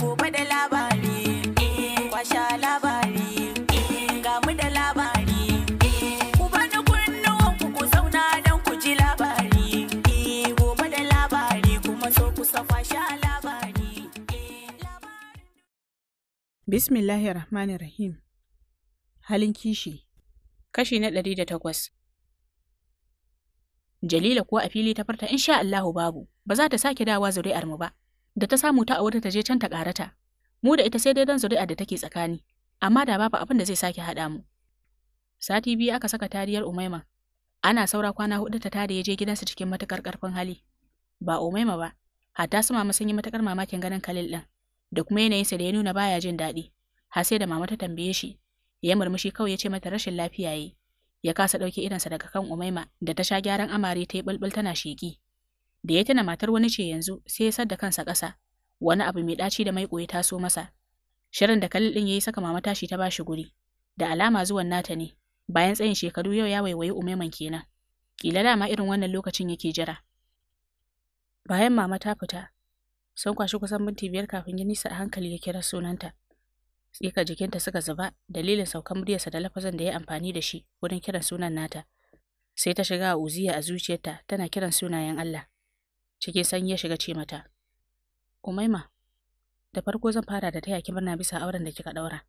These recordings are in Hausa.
gobe da labari eh, kwasha labari eh, ga mu da labari eh, ku bani kunnuwan ku ku zauna don ku ji labari gobe da labari kuma so ku sa kwasha labari bismillahir rahmanir rahim halin kishi kashi na ɗari da takwas. Jalila kuwa a fili ta farta insha Allahu babu, ba za ta sake dawa zuri'ar mu ba. da ta samu ta a wata ta je can ta karata mu da ita sai dai dan zuri'a da take tsakani amma da babu abin da zai sake haɗa mu sati biyu aka saka tariyar umaima ana saura kwana hudu ta tare ya je gidansa cikin matukar karfin hali ba umaima ba hatta su mama sun yi matukar mamakin ganin kalil din da kuma yanayinsa da ya nuna baya jin daɗi har sai da mama ta tambaye shi ya murmushi kawai ya ce mata rashin lafiya ya kasa ɗauke irinsa daga kan umaima da ta sha gyaran amare ta yi bulbul tana sheƙi da ya tana matar wani ce yanzu sai ya sadda kansa ƙasa wani abu mai ɗaci da mai ƙoye ta so masa shirin da kalil ɗin ya yi saka mama tashi ta shi guri da alama zuwan nata ne bayan tsayin shekaru yau ya waiwayi umaiman kenan kila dama irin wannan lokacin yake jira bayan mama ta fita sun kwashi kusan minti biyar kafin ya nisa a hankali ya kira sunanta tsika jikinta suka zuba dalilin saukan muryarsa da lafazan da ya amfani da shi wurin kiran sunan nata sai ta shiga a uziya a zuciyarta tana kiran sunayen Allah Cikin sanyi ya shiga ce mata. Umaima, da farko zan fara da taya ki murna bisa auren da kika daura.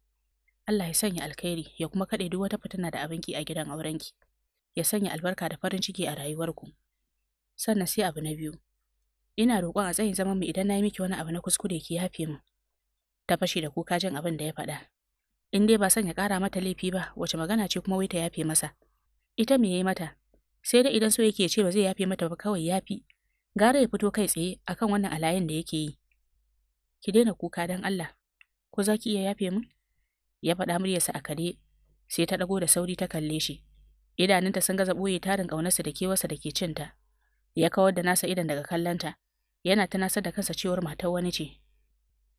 Allah ya sanya alkhairi ya kuma kaɗe duk wata fitina da abinki a gidan aurenki. Ya sanya albarka da farin ciki a rayuwarku. Sannan sai abu na biyu. Ina roƙon a tsayin zaman mu idan na yi miki wani abu na kuskure ki yafe mu. Ta fashe da kuka jin abin da ya faɗa. In dai ba son ya ƙara mata laifi ba, wace magana ce kuma wai ta yafe masa. Ita me ya yi mata? Sai da idan so yake ce ba zai yafe mata ba kawai yafi, Gara ya fito kai tsaye akan wannan alayin da yake yi. Ki daina kuka dan Allah, ko za ki iya yafe min? Ya faɗa muryarsa a kare, sai ta ɗago da sauri ta kalle shi. Idanunta sun gaza ɓoye tarin ƙaunarsa da kewarsa da ke cinta. Ya kawar da nasa idan daga kallonta, yana tunasar da kansa cewar matar wani ce.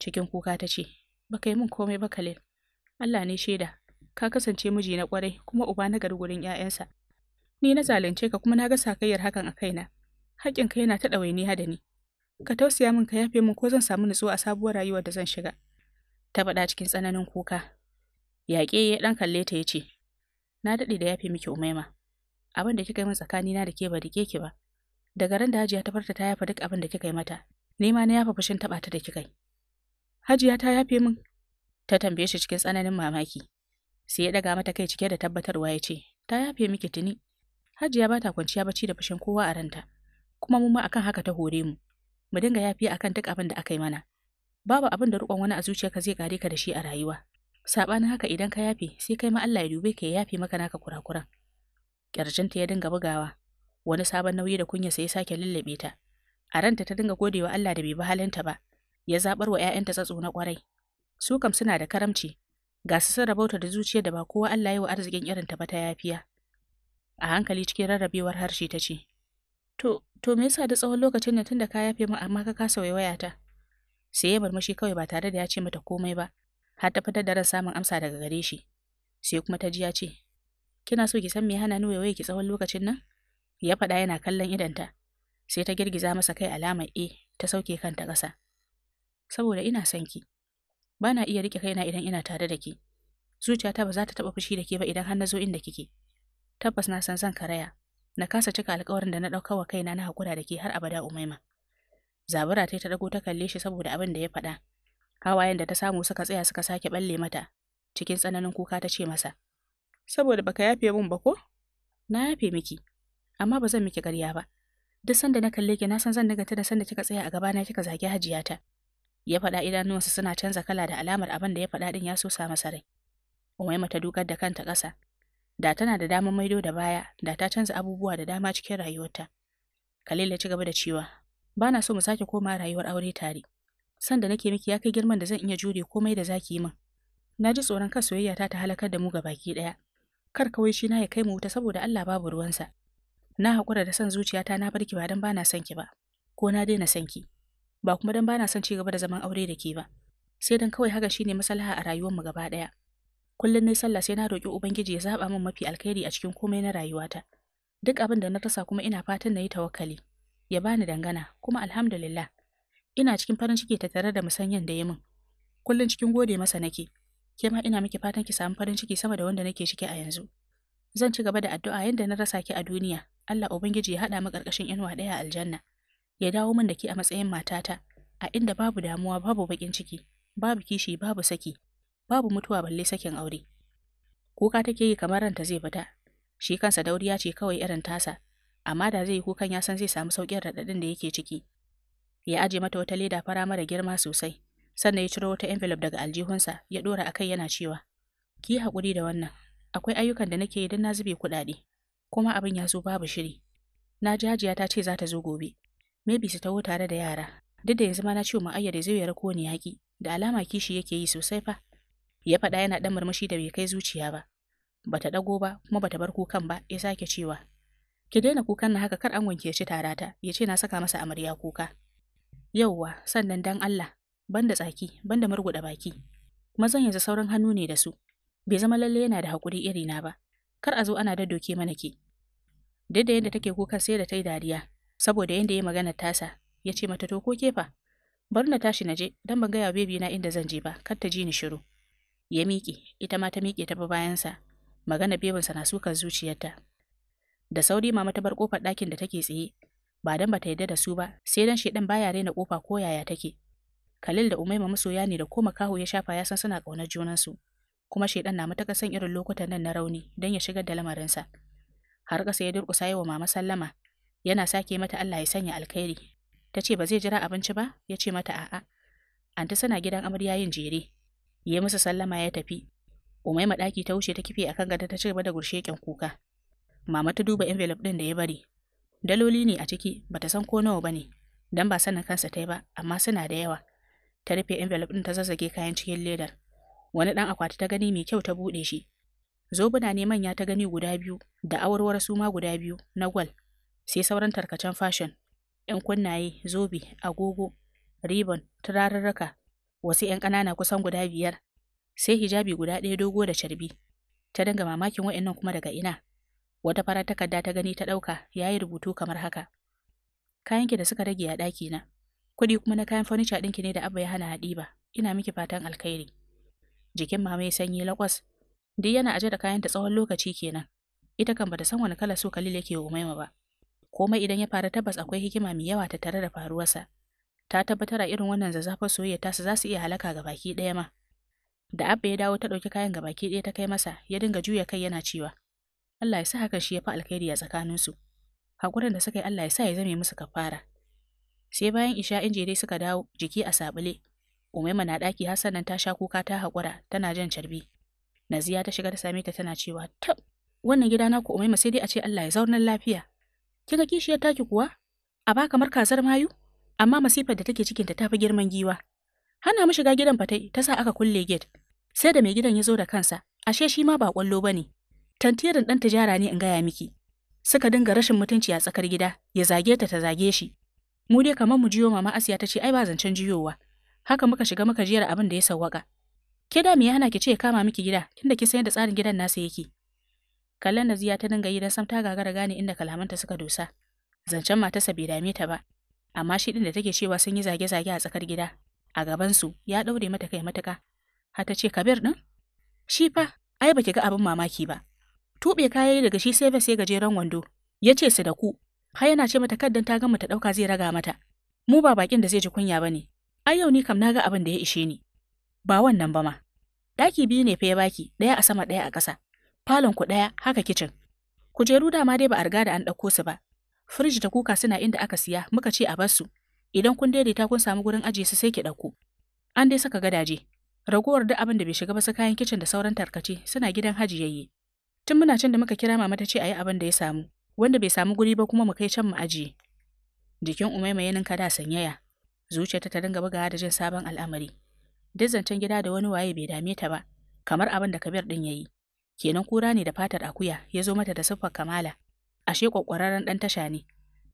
Cikin kuka ta ce, Ba ka yi min komai ba Khalil, Allah ne shaida, ka kasance miji na kwarai kuma uba na gargurin gurin 'ya'yansa. Ni na zalunce ka kuma na ga sakayyar hakan a kaina. ka yana ta ɗawainiya da ni. Ka tausaya min ka yafe min ko zan samu nutsuwa a sabuwar rayuwa da zan shiga. Ta faɗa cikin tsananin kuka. Yaƙe ya ɗan kalle ta ya ce, Na daɗe da yafe miki umaima. Abin da kika yi min tsakanina da ke ba rike ki ba. Daga ran da Hajiya ta farta ta yafa duk abin da kika yi mata. Ni ma na yafa fushin taɓa ta da kika yi. Hajiya ta yafe min. Ta tambaye shi cikin tsananin mamaki. Sai ya ɗaga mata kai cike da tabbatarwa ya ce, Ta yafe miki tuni. Hajiya ba ta kwanciya bacci da fushin kowa a ranta. kuma mun ma akan haka ta hore mu mu dinga yafiya akan duk abin da aka yi mana babu abin da rukon wani a zuciyarka zai kare ka da shi a rayuwa sabanin haka idan ka yafe sai kai ma Allah ya dube ka ya yafe maka naka kurakuran ƙyarjinta ya dinga bugawa wani sabon nauyi da kunya sai ya sake lullube ta a ranta ta dinga godewa Allah da bai bi halinta ba ya zabar wa ƴaƴanta tsatso na kwarai su kam suna da karamci ga su sun rabauta da zuciyar da ba kowa Allah ya wa arzikin irin ta ba ta yafiya a hankali cikin rarrabewar harshe ta ce To, to me yasa da tsawon lokacin nan tunda ka yafe min amma ka kasa waiwayata? Sai ya murmushi kawai ba tare da ya ce mata komai ba, har ta fitar da ran samun amsa daga gare shi. Sai kuma ta ji ya ce, Kina so ki san me hana ni waiwaye ki tsawon lokacin nan? Ya faɗa yana kallon ta. Sai ta girgiza masa kai alamar E ta sauke kanta ƙasa. Saboda ina son ki. Bana na iya riƙe kaina idan ina tare da ki. Zuciyata ba za ta taɓa fushi da ke ba idan har na zo inda kike. Tabbas na san zan karaya, na kasa cika alƙawarin da na ɗauka wa kaina na haƙura da ke har abada umaima. Zabura ta ɗago ta kalle shi saboda abin da ya faɗa. Hawayen da ta samu suka tsaya suka sake balle mata, cikin tsananin kuka ta ce masa, Saboda baka yafe mun ba ko? Na yafe miki, amma ba zan miki ƙarya ba. Duk sanda na kalle ki na san zan nagarta ta da sanda kika tsaya a gabana kika zagi hajiyata. Ya faɗa idanuwansa suna canza kala da alamar abin da ya faɗa ɗin ya so sa masa rai. Umaima ta dukar da kanta ƙasa, da tana da damar maido da baya da ta canza abubuwa da dama cikin rayuwarta Khalil ya ci gaba da cewa ba na so mu sake koma rayuwar aure tare san da nake miki ya kai girman da zan iya jure komai da zaki min na ji tsoron kan soyayya ta ta halakar da mu ga baki daya kar kawai shi na ya kai mu wuta saboda Allah babu ruwansa na hakura da san zuciyata na barki ba dan bana son ki ba ko na daina son ki ba kuma dan bana son ci gaba da zaman aure da ke ba sai dan kawai haka shine maslaha a rayuwar mu gaba daya kullum na sallah sai na roƙi ubangiji ya zaba min mafi alkhairi a cikin komai na rayuwata duk abin da na rasa kuma ina fatan na yi tawakkali ya bani dangana kuma alhamdulillah ina cikin farin ciki ta tare da musanyan da ya min kullum cikin gode masa nake ke ma ina miki fatan ki samu farin ciki sama da wanda nake ciki a yanzu zan ci gaba da addu'a yadda na rasa ki a duniya Allah ubangiji ya haɗa mu karkashin inuwa ɗaya aljanna ya dawo min da ki a matsayin matata a inda babu damuwa babu baƙin ciki babu kishi babu saki babu mutuwa balle sakin aure. Kuka take yi kamar ranta zai fita, shi kansa dauriya ce kawai irin tasa, amma da zai yi kukan ya san zai samu sauƙin raɗaɗin da yake ciki. Ya aje mata wata leda fara mara girma sosai, sannan ya ciro wata envelope daga aljihunsa ya ɗora akai yana cewa, Ki hakuri da wannan, akwai ayyukan da nake yi don na zube kuɗaɗe, kuma abin ya zo babu shiri. Na jajiya ta ce za ta zo gobe, maybe su taho tare da yara, duk da yanzu ma na ce mu ayyade zai yi rako yaƙi, da alama kishi yake yi sosai fa. ya faɗa yana ɗan murmushi da bai kai zuciya ba bata ɗago ba kuma bata bar kukan ba ya sake cewa ki daina kukan na haka kar an wanke tara tarata ya ce na saka masa amarya kuka yauwa sannan dan Allah banda tsaki banda murguɗa baki mazan yanzu sauran hannu ne da su bai zama lalle yana da haƙuri iri na ba kar a zo ana da doke mana ke duk da yadda take kukan sai da ta yi dariya saboda yadda ya magana tasa ya ce mata to ko kefa bari na tashi na je dan ban gaya bebi na inda zan je ba kar ta ji ni shiru ya miƙe ita ma ta miƙe ta bayansa magana bebinsa na sukar zuciyarta da sauri mama ta bar kofar ɗakin da take tsaye ba dan bata yadda da su ba sai dan shedan baya raina kofa ko yaya take Khalil da Umaima masoya ne da koma kaho ya shafa ya san suna kaunar junan su kuma shedan na mata son irin lokutan nan na rauni dan ya shigar da lamarinsa har ƙasa ya durkusa yawa mama sallama yana sake mata Allah ya sanya alkhairi tace ce ba zai jira abinci ba ya ce mata a'a anta sana gidan amarya yin jere ya musu sallama ya tafi umaima ɗaki ta wuce ta kife akan gada ta cigaba da gurshekin kuka mama ta duba envelope ɗin da ya bari daloli ne a ciki bata san ko nawa ba ne. dan ba sanin kansa ta yi ba amma suna da yawa ta rufe envelope ɗin ta zazzage kayan cikin ledar wani ɗan akwati ta gani mai kyau ta buɗe shi zobuna ne manya ta gani guda biyu da awarwar suma guda biyu na gwal sai sauran tarkacen fashion 'yan kunnaye zobe agogo ribon turarurruka wasu 'yan ƙanana kusan guda biyar, sai hijabi guda ɗaya dogo da carbi. Ta danga mamakin wa'annan kuma daga ina. Wata farar takarda ta gani ta ɗauka ya yi rubutu kamar haka. Kayanki da suka rage a ɗaki na, kuɗi kuma na kayan fanica ɗinki ne da Abba ya hana ba ina miki fatan alkhairi. Jikin mama ya sanyi lakwas, duk yana aje da kayanta tsawon lokaci kenan. Ita kan bata san wani kalar so Khalil yake wa Umaima ba. Komai idan ya fara tabbas akwai hikima mai yawa ta tare da faruwarsa. ta tabbatar a irin wannan zazzafar soyayya su za su iya halaka ga baki ɗaya ma da abba ya dawo ta ɗauki kayan ga baki ɗaya ta kai masa ya dinga juya kai yana cewa Allah ya sa hakan shi ya fi alkhairi a tsakaninsu hakurin da suka yi Allah ya sa ya zame musu kafara sai bayan isha inji dai suka dawo jiki a sabule umaima na ɗaki hassan nan ta sha kuka ta haƙura tana jan carbi naziya ta shiga ta same ta tana cewa tab wannan gida naku umaima sai dai a ce Allah ya zauna lafiya kin ga kishiyar taki kuwa a ba kamar kazar mayu amma masifar da take cikinta ta fi girman giwa. Hana mu shiga gidan fatai ta sa aka kulle gate. Sai da mai gidan ya zo da kansa, ashe shi ma ba kwallo ba ne. Tantiyarin ɗan tijara ne in gaya miki. Suka dinga rashin mutunci a tsakar gida, ya zage ta ta zage shi. Mu dai kamar mu jiyo mama Asiya ta ce ai ba zancen jiyowa. Haka muka shiga muka jiyar abin da ya sawwaka. Ke da me ya hana ki ce ya kama miki gida, tunda ki san da tsarin gidan nasa yake. Kallon Naziya ta dinga yi dan sam ta gagara gane inda kalamanta suka dosa. Zancen matarsa bai dame ta ba, amma shi ɗin da take cewa sun yi zage-zage a tsakar gida a gabansu ya ɗaure mata kai matuka. har ta ce kabir din? shi fa ai baki ga abin mamaki ba tube kayayi daga shi sai sai gajeren wando ya ce su da ku har yana ce mata kaddan ta gama ta ɗauka zai raga mata mu ba bakin da zai ji kunya ba ne ai yau ni kam na ga abin da ya ishe ni ba wannan ba ma ɗaki biyu ne fa ya baki ɗaya a sama ɗaya a ƙasa falon ku ɗaya haka kicin kujeru dama dai ba a riga da an ɗauko su ba Firij da kuka suna inda aka siya, muka ce a basu. Idan kun daidaita kun samu gurin ajiye su sai ki ɗauko. An dai saka gadaje. Ragowar duk abin da bai shiga ba su kayan kicin da sauran tarkace suna gidan hajiyayye. Tun muna can da muka kira mama ta ce a yi abin da ya samu, wanda bai samu guri ba kuma mu kai can mu ajiye. Jikin Umaima ya ninka da sanyaya, zuciyarta ta dinga bugawa da jin sabon al'amari. Duk zancen gida da wani waye bai dame ta ba, kamar abin da Kabir din yayi. Kenan kura ne da fatar akuya ya zo mata da siffar kamala. ashe kwakwararren dan tasha ne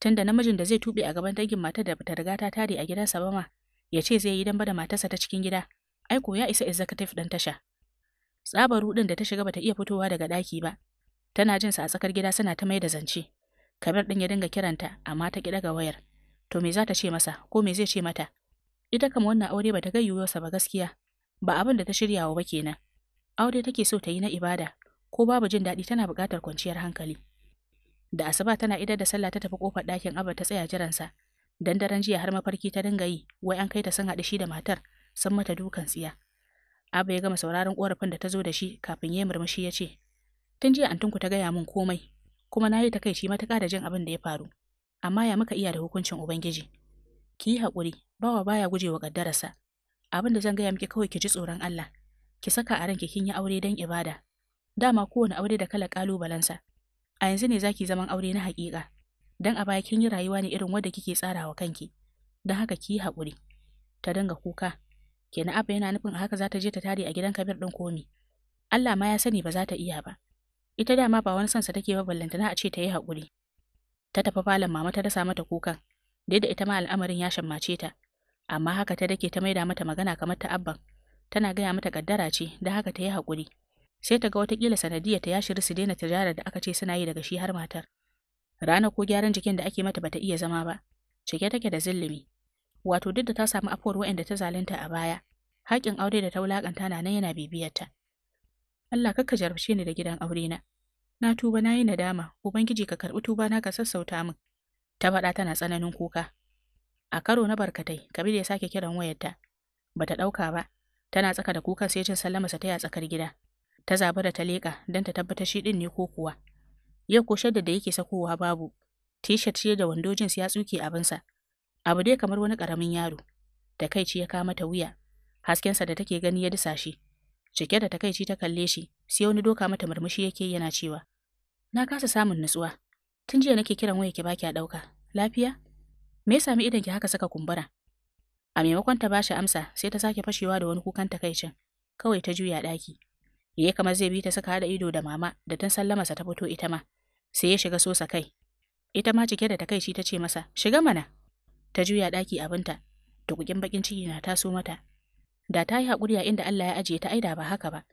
tunda namijin da zai tube a gaban dangin matar da ta riga ta tare a gidansa ba ma ya ce zai yi dan da matarsa ta cikin gida ai ko ya isa executive dan tasha tsabar din da ta shiga bata iya fitowa daga daki ba tana jin sa a tsakar gida suna ta mai da zance kamar din ya dinga kiranta amma ta ki ga wayar to me za ta ce masa ko me zai ce mata ita kama wannan aure bata ga sa ba gaskiya ba abin da ta shiryawa ba kenan aure take so ta yi na ibada ko babu jin daɗi tana buƙatar kwanciyar hankali Da asuba tana idar da sallah ta tafi kofar ɗakin Abba ta tsaya jiransa. Dan daren jiya har mafarki ta dinga yi, wai an kai ta san haɗe shi da matar, sun mata dukan tsiya. Abba ya gama sauraron korafin da ta zo da shi kafin ya murmushi ya ce, Tun jiya an tunku ta gaya min komai, kuma na yi takaici matuƙa da jin abin da ya faru. Amma ya muka iya da hukuncin Ubangiji. Ki yi haƙuri, bawa baya gujewa ƙaddararsa. Abin da zan gaya miki kawai ki ji tsoron Allah. Ki saka a ranki kin yi aure don ibada. Dama kowane aure da kala ƙalubalensa. a yanzu ne zaki zaman aure na haƙiƙa dan a baya kin yi rayuwa ne irin wadda kike tsarawa kanki don haka ki yi haƙuri ta dinga kuka kenan abba yana nufin a haka za ta je ta tare a gidan kabir ɗin komi Allah ma ya sani ba za ta iya ba ita da ma ba wani sansa take ba ballantana a ce ta yi haƙuri ta tafi falon mama ta dasa mata kukan da ita ma al'amarin ya shammace ta amma haka ta dake ta maida mata magana kamar ta abban tana gaya mata kaddara ce da haka ta yi haƙuri sai ta ga watakila sanadiyar ta ya shiri su daina tijarar da aka ce suna yi daga shi har matar. Rana ko gyaran jikin da ake mata bata iya zama ba, cike take da zillimi. Wato duk da ta samu afuwar wayanda ta zalunta a baya, haƙin aure da ta wulaƙanta na nan yana ta. Allah kakka jarabce ni da gidan aure na. Na tuba na yi nadama, Ubangiji ka karɓi tuba na ka sassauta min. Ta faɗa tana tsananin kuka. A karo na barkatai, Kabir ya sake kiran wayarta. Bata ɗauka ba, tana tsaka da kukan sai cin sallamarsa ta yi tsakar gida. ta zaba da ta leƙa don ta tabbatar shi ɗin ne ko kuwa. Yau ko shadda da yake sakowa babu, Tishat ce da wando jins ya tsuke abinsa, abu dai kamar wani ƙaramin yaro, takaici ya kama ta wuya, haskensa da take gani ya disa shi, cike da takaici ta kalle shi, sai wani doka mata murmushi yake yana cewa, Na kasa samun nutsuwa, tun jiya nake kiran waya ki baki a ɗauka, lafiya? Me ya sami idan ki haka saka kumbura? A maimakon ta bashi amsa sai ta sake fashewa da wani kukan takaicin, kawai ta juya ɗaki. Yayi kamar zai bi ta suka haɗa ido da mama da tun sa ta fito ita ma. Sai ya shiga sosa kai. Ita ma cike da takaici ta ce masa, "Shiga mana." Ta juya ɗaki abinta, tukukin bakin ciki na taso mata. Da ta yi haƙuri a inda Allah ya ajiye ta aida ba haka ba.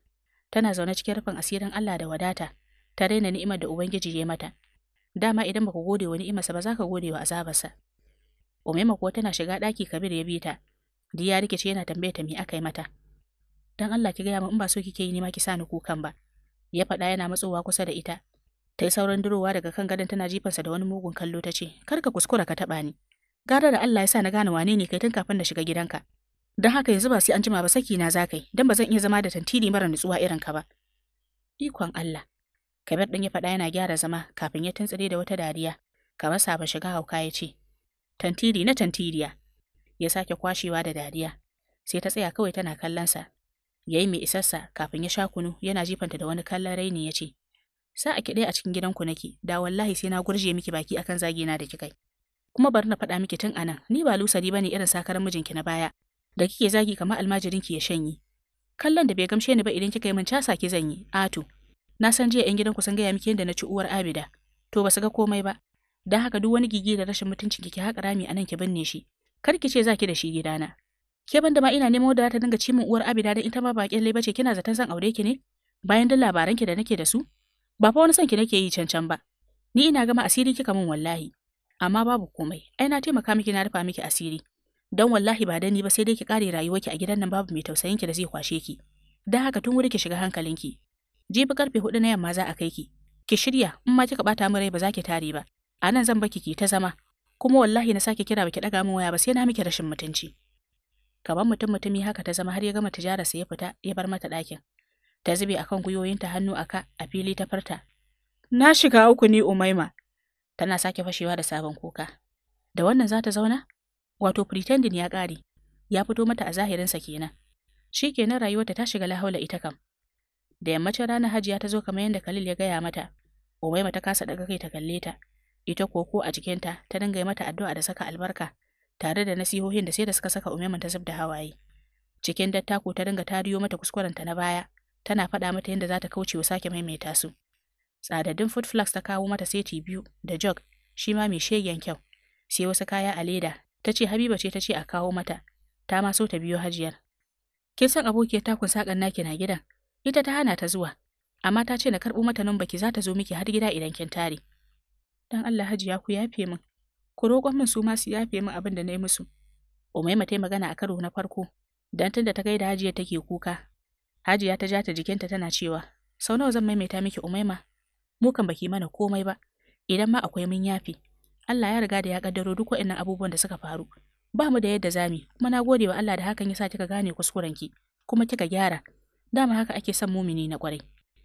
Tana zaune cikin rufin asirin Allah da wadata, ta daina ni'imar da Ubangiji ya mata. Dama idan baka gode wa ni'imarsa ba za ka gode wa azabarsa. Umema kuwa tana shiga ɗaki Kabir ya bi ta. Diya rikici yana tambayata ta me aka yi mata. dan Allah ki gaya min in ba so kike yi ne ma ki sani kukan ba ya faɗa yana matsowa kusa da ita ta yi sauran durowa daga kan gadon tana jifansa da wani mugun kallo ta ce kar ka kuskura ka taɓa ni gara da Allah ya sa na gane wane ne kai tun kafin na shiga gidanka don haka yanzu ba sai an jima ba saki na zakai dan ba zan iya zama da tantiri mara nutsuwa irin ka ba ikon Allah Kabir ɗin ya faɗa yana gyara zama kafin ya tuntsire da wata dariya kamar sabon shiga hauka ya ce tantiri na tantiriya ya sake kwashewa da dariya sai ta tsaya kawai tana kallon sa ya yi mai isarsa kafin ya sha kunu yana jifanta da wani kallon raini ya ce, Sa a kiɗe a cikin gidanku nake, da wallahi sai na gurje miki baki akan zagina da kikai. Kuma bari na faɗa miki tun anan, ni ba lusari ba ne irin sakarar mijinki na baya, da kike zagi kamar almajirinki ya shanye. Kallon da bai gamshe ni ba idan kika yi min casa ki zan yi, ato. Na san jiya 'yan gidanku sun gaya miki yadda na ci uwar Abida, to ba su ga komai ba. Don haka duk wani gigi da rashin mutuncin ki haƙa rami anan ki binne shi, kar ki ce za ki da shi gidana, Ke banda ma ina nemo da ta dinga ci uwar Abida dan ita ma ba kyalle bace kina zaton zan aure ki ne? Bayan dan labaran ki da nake da su? Ba fa wani son ki nake yi cancan ba. Ni ina gama asiri kika min wallahi. Amma babu komai. Ai na taimaka miki na rufa miki asiri. Dan wallahi ba dani ba sai dai ki kare rayuwarki a gidan nan babu mai tausayin ki da zai kwashe ki. Dan haka tun wuri ki shiga hankalinki. Jibi karfe hudu na yamma za a kai ki. Ki shirya in ma kika bata mu rai ba za ki tare ba. A nan zan baki ki ta zama. Kuma wallahi na sake kira baki daga mu waya ba sai na miki rashin mutunci. kamar mutum mutumi haka ta zama har ya gama tijararsa ya fita ya bar mata ɗakin ta zube a kan gwiwoyinta hannu a ka a fili ta farta na shiga uku ne, umaima tana sake fashewa da sabon kuka da wannan za ta zauna wato pretending ya ƙare ya fito mata a zahirinsa kenan shi kenan rayuwarta ta shiga lahaula ita kam da yammacin ranar hajiya ta zo kamar yadda Khalil ya gaya mata. Umaima ta kasa daga kai ta kalle ta. Ita koko a jikinta ta dinga mata addu'a da saka albarka. tare da nasihohin da sai da suka saka umaiman ta zub da hawaye. Cikin dattako ta dinga tariyo mata kuskurenta na baya, tana faɗa mata yadda za ta kauce wa sake maimaita su. Tsadadin food Flux ta kawo mata seti biyu da jog, shi ma mai shegen kyau. Sai wasu kaya a leda, ta ce Habiba ce ta ce a kawo mata, ta ma so ta biyo hajiyar. Kin san abokiyar takun sakan naki na gidan, ita ta hana ta zuwa, amma ta ce na karɓo mata nan baki za ta zo miki har gida idan kin tare. Dan Allah hajiya ku yafe min, ku roƙon min su ma su yafe min abin da na yi musu. Umaima ta yi magana a karo na farko, dan tunda ta gaida Hajiya take kuka. Hajiya ta ja ta jikinta tana cewa, sau nawa zan maimaita miki Umaima? Mu kan baki mana komai ba, idan ma akwai mun yafe. Allah ya riga da ya kaddaro duk waɗannan abubuwan da suka faru. Ba mu da yadda za mu. kuma na gode wa Allah da hakan ya sa kika gane kuskurenki, kuma kika gyara. Dama haka ake son mumini na kwarai.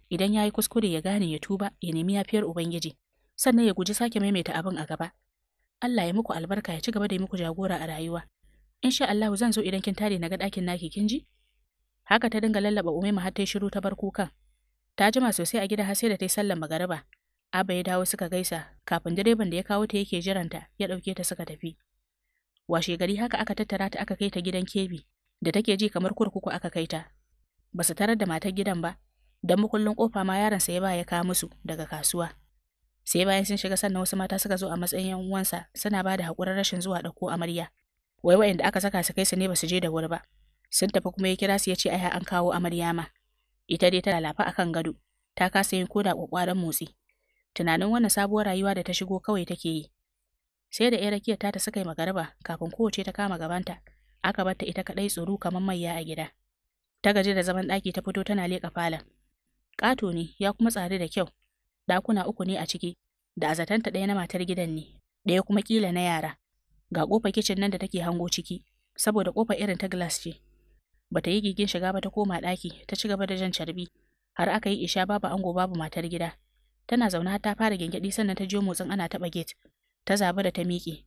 Idan ya yi kuskure ya gane ya tuba, ya nemi yafiyar Ubangiji, sannan ya guji sake maimaita abin a gaba. Allah ya muku albarka ya ci gaba da yi muku jagora a rayuwa. sha Allah zan zo idan kin tare na ga ɗakin naki kin ji? Haka ta dinga lallaba Umaima har ta shiru ta bar kukan. Ta jima sosai a gida har sai da ta yi sallar magariba. Aba ya dawo suka gaisa kafin direban da ya kawo ta yake jiranta ya ɗauke ta suka tafi. Washe gari haka aka tattara ta aka kai ta gidan kebi da take ji kamar kurkuku aka kai ta. Ba su tarar da matar gidan ba, don mukullin kofa ma yaron sa ya ba ya kawo musu daga kasuwa. sai bayan sun shiga sannan wasu mata suka zo a matsayin yan uwansa suna ba da haƙurin rashin zuwa ɗauko amarya wai waɗanda aka saka su kai su ne ba su je da wuri ba sun tafi kuma ya kira su ya ce ai an kawo amarya ma ita dai ta lalafa akan gado ta kasa yin koda kwakwaran motsi tunanin wannan sabuwar rayuwa da ta shigo kawai take yi sai da irakiyar ta ta suka yi magaraba kafin kowace ta kama gabanta aka bar ta ita kaɗai tsoro kamar maiya a gida ta gaji da zaman ɗaki ta fito tana leƙa falon ƙato ne ya kuma tsari da kyau Dakuna uku ne a ciki, da azatanta ɗaya na matar gidan ne, ɗaya kuma kila na yara. Ga ƙofa kicin nan da take hango ciki, saboda ƙofa irin ta glass ce. Bata yi gigin shiga ba ta koma ɗaki, ta ci gaba da jan carbi, har aka yi isha babu ango babu matar gida. Tana zaune har ta fara gyangyaɗi sannan ta je motsin ana taɓa gate. Ta zaba da ta miƙe.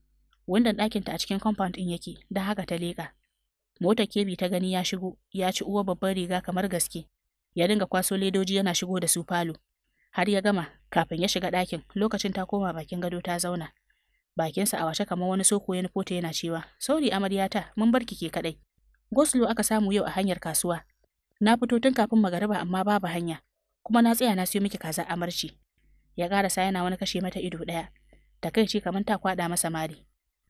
Windon ɗakinta a cikin compound ɗin yake, da haka ta leƙa. Motar kebi ta gani ya shigo, ya ci uwa babban riga kamar gaske. Ya dinga kwaso ledoji yana shigo da su falo. har ya gama kafin ya shiga ɗakin lokacin ta koma bakin gado ta zauna bakinsa a washe kamar wani soko ya nufo ta yana cewa sauri amaryata mun bar ki ke kaɗai goslo aka samu yau a hanyar kasuwa na fito tun kafin magariba amma babu hanya kuma na tsaya na siyo miki kaza amarci ya karasa yana wani kashe mata ido ɗaya ta kai ce kamar ta kwaɗa masa mari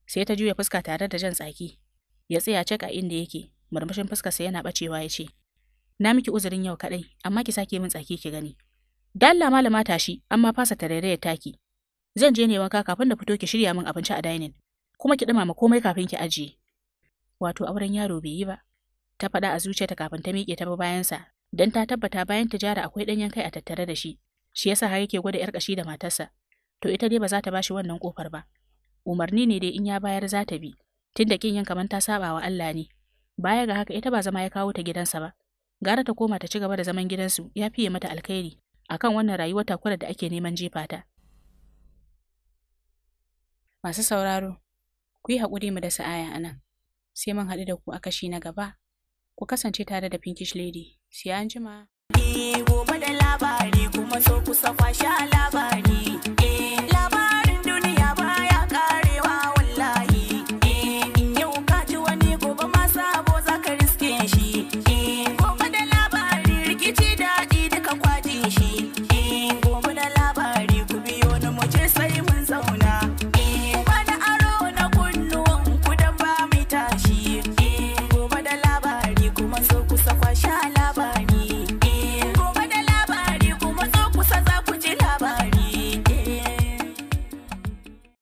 sai ta juya fuska tare da jan tsaki ya tsaya cek a inda yake murmushin fuskarsa yana bacewa ya ce na miki uzurin yau kaɗai amma ki sake min tsaki ki gani Dalla malama shi, amma fasa tarairayar taki. Zan je ne wanka kafin da fito ki shirya min abinci a dining, kuma ki dumama komai kafin ki ajiye. Wato auren yaro bai yi ba. Ta faɗa a zuciyarta kafin ta miƙe ta bayansa, don ta tabbata bayan ta jara akwai ɗanyen kai a tattare da shi. Shi yasa har yake gwada 'yar ƙashi da matarsa. To ita dai ba za ta bashi wannan ƙofar ba. Umarni ne dai in ya bayar za ta bi, tunda kin yin kamar ta saba wa Allah ne. Baya ga haka ita ba zama ya kawo ta gidansa ba. Gara ta koma ta ci gaba da zaman gidansu ya fiye mata alkhairi akan wannan rayuwar takura da ake neman jefa ta. Masu sauraro, ku yi haƙuri mu da sa'aya a nan, sai mun haɗu da ku a kashi na gaba. Ku kasance tare da Pinkish Lady, sai an jima. labari kuma.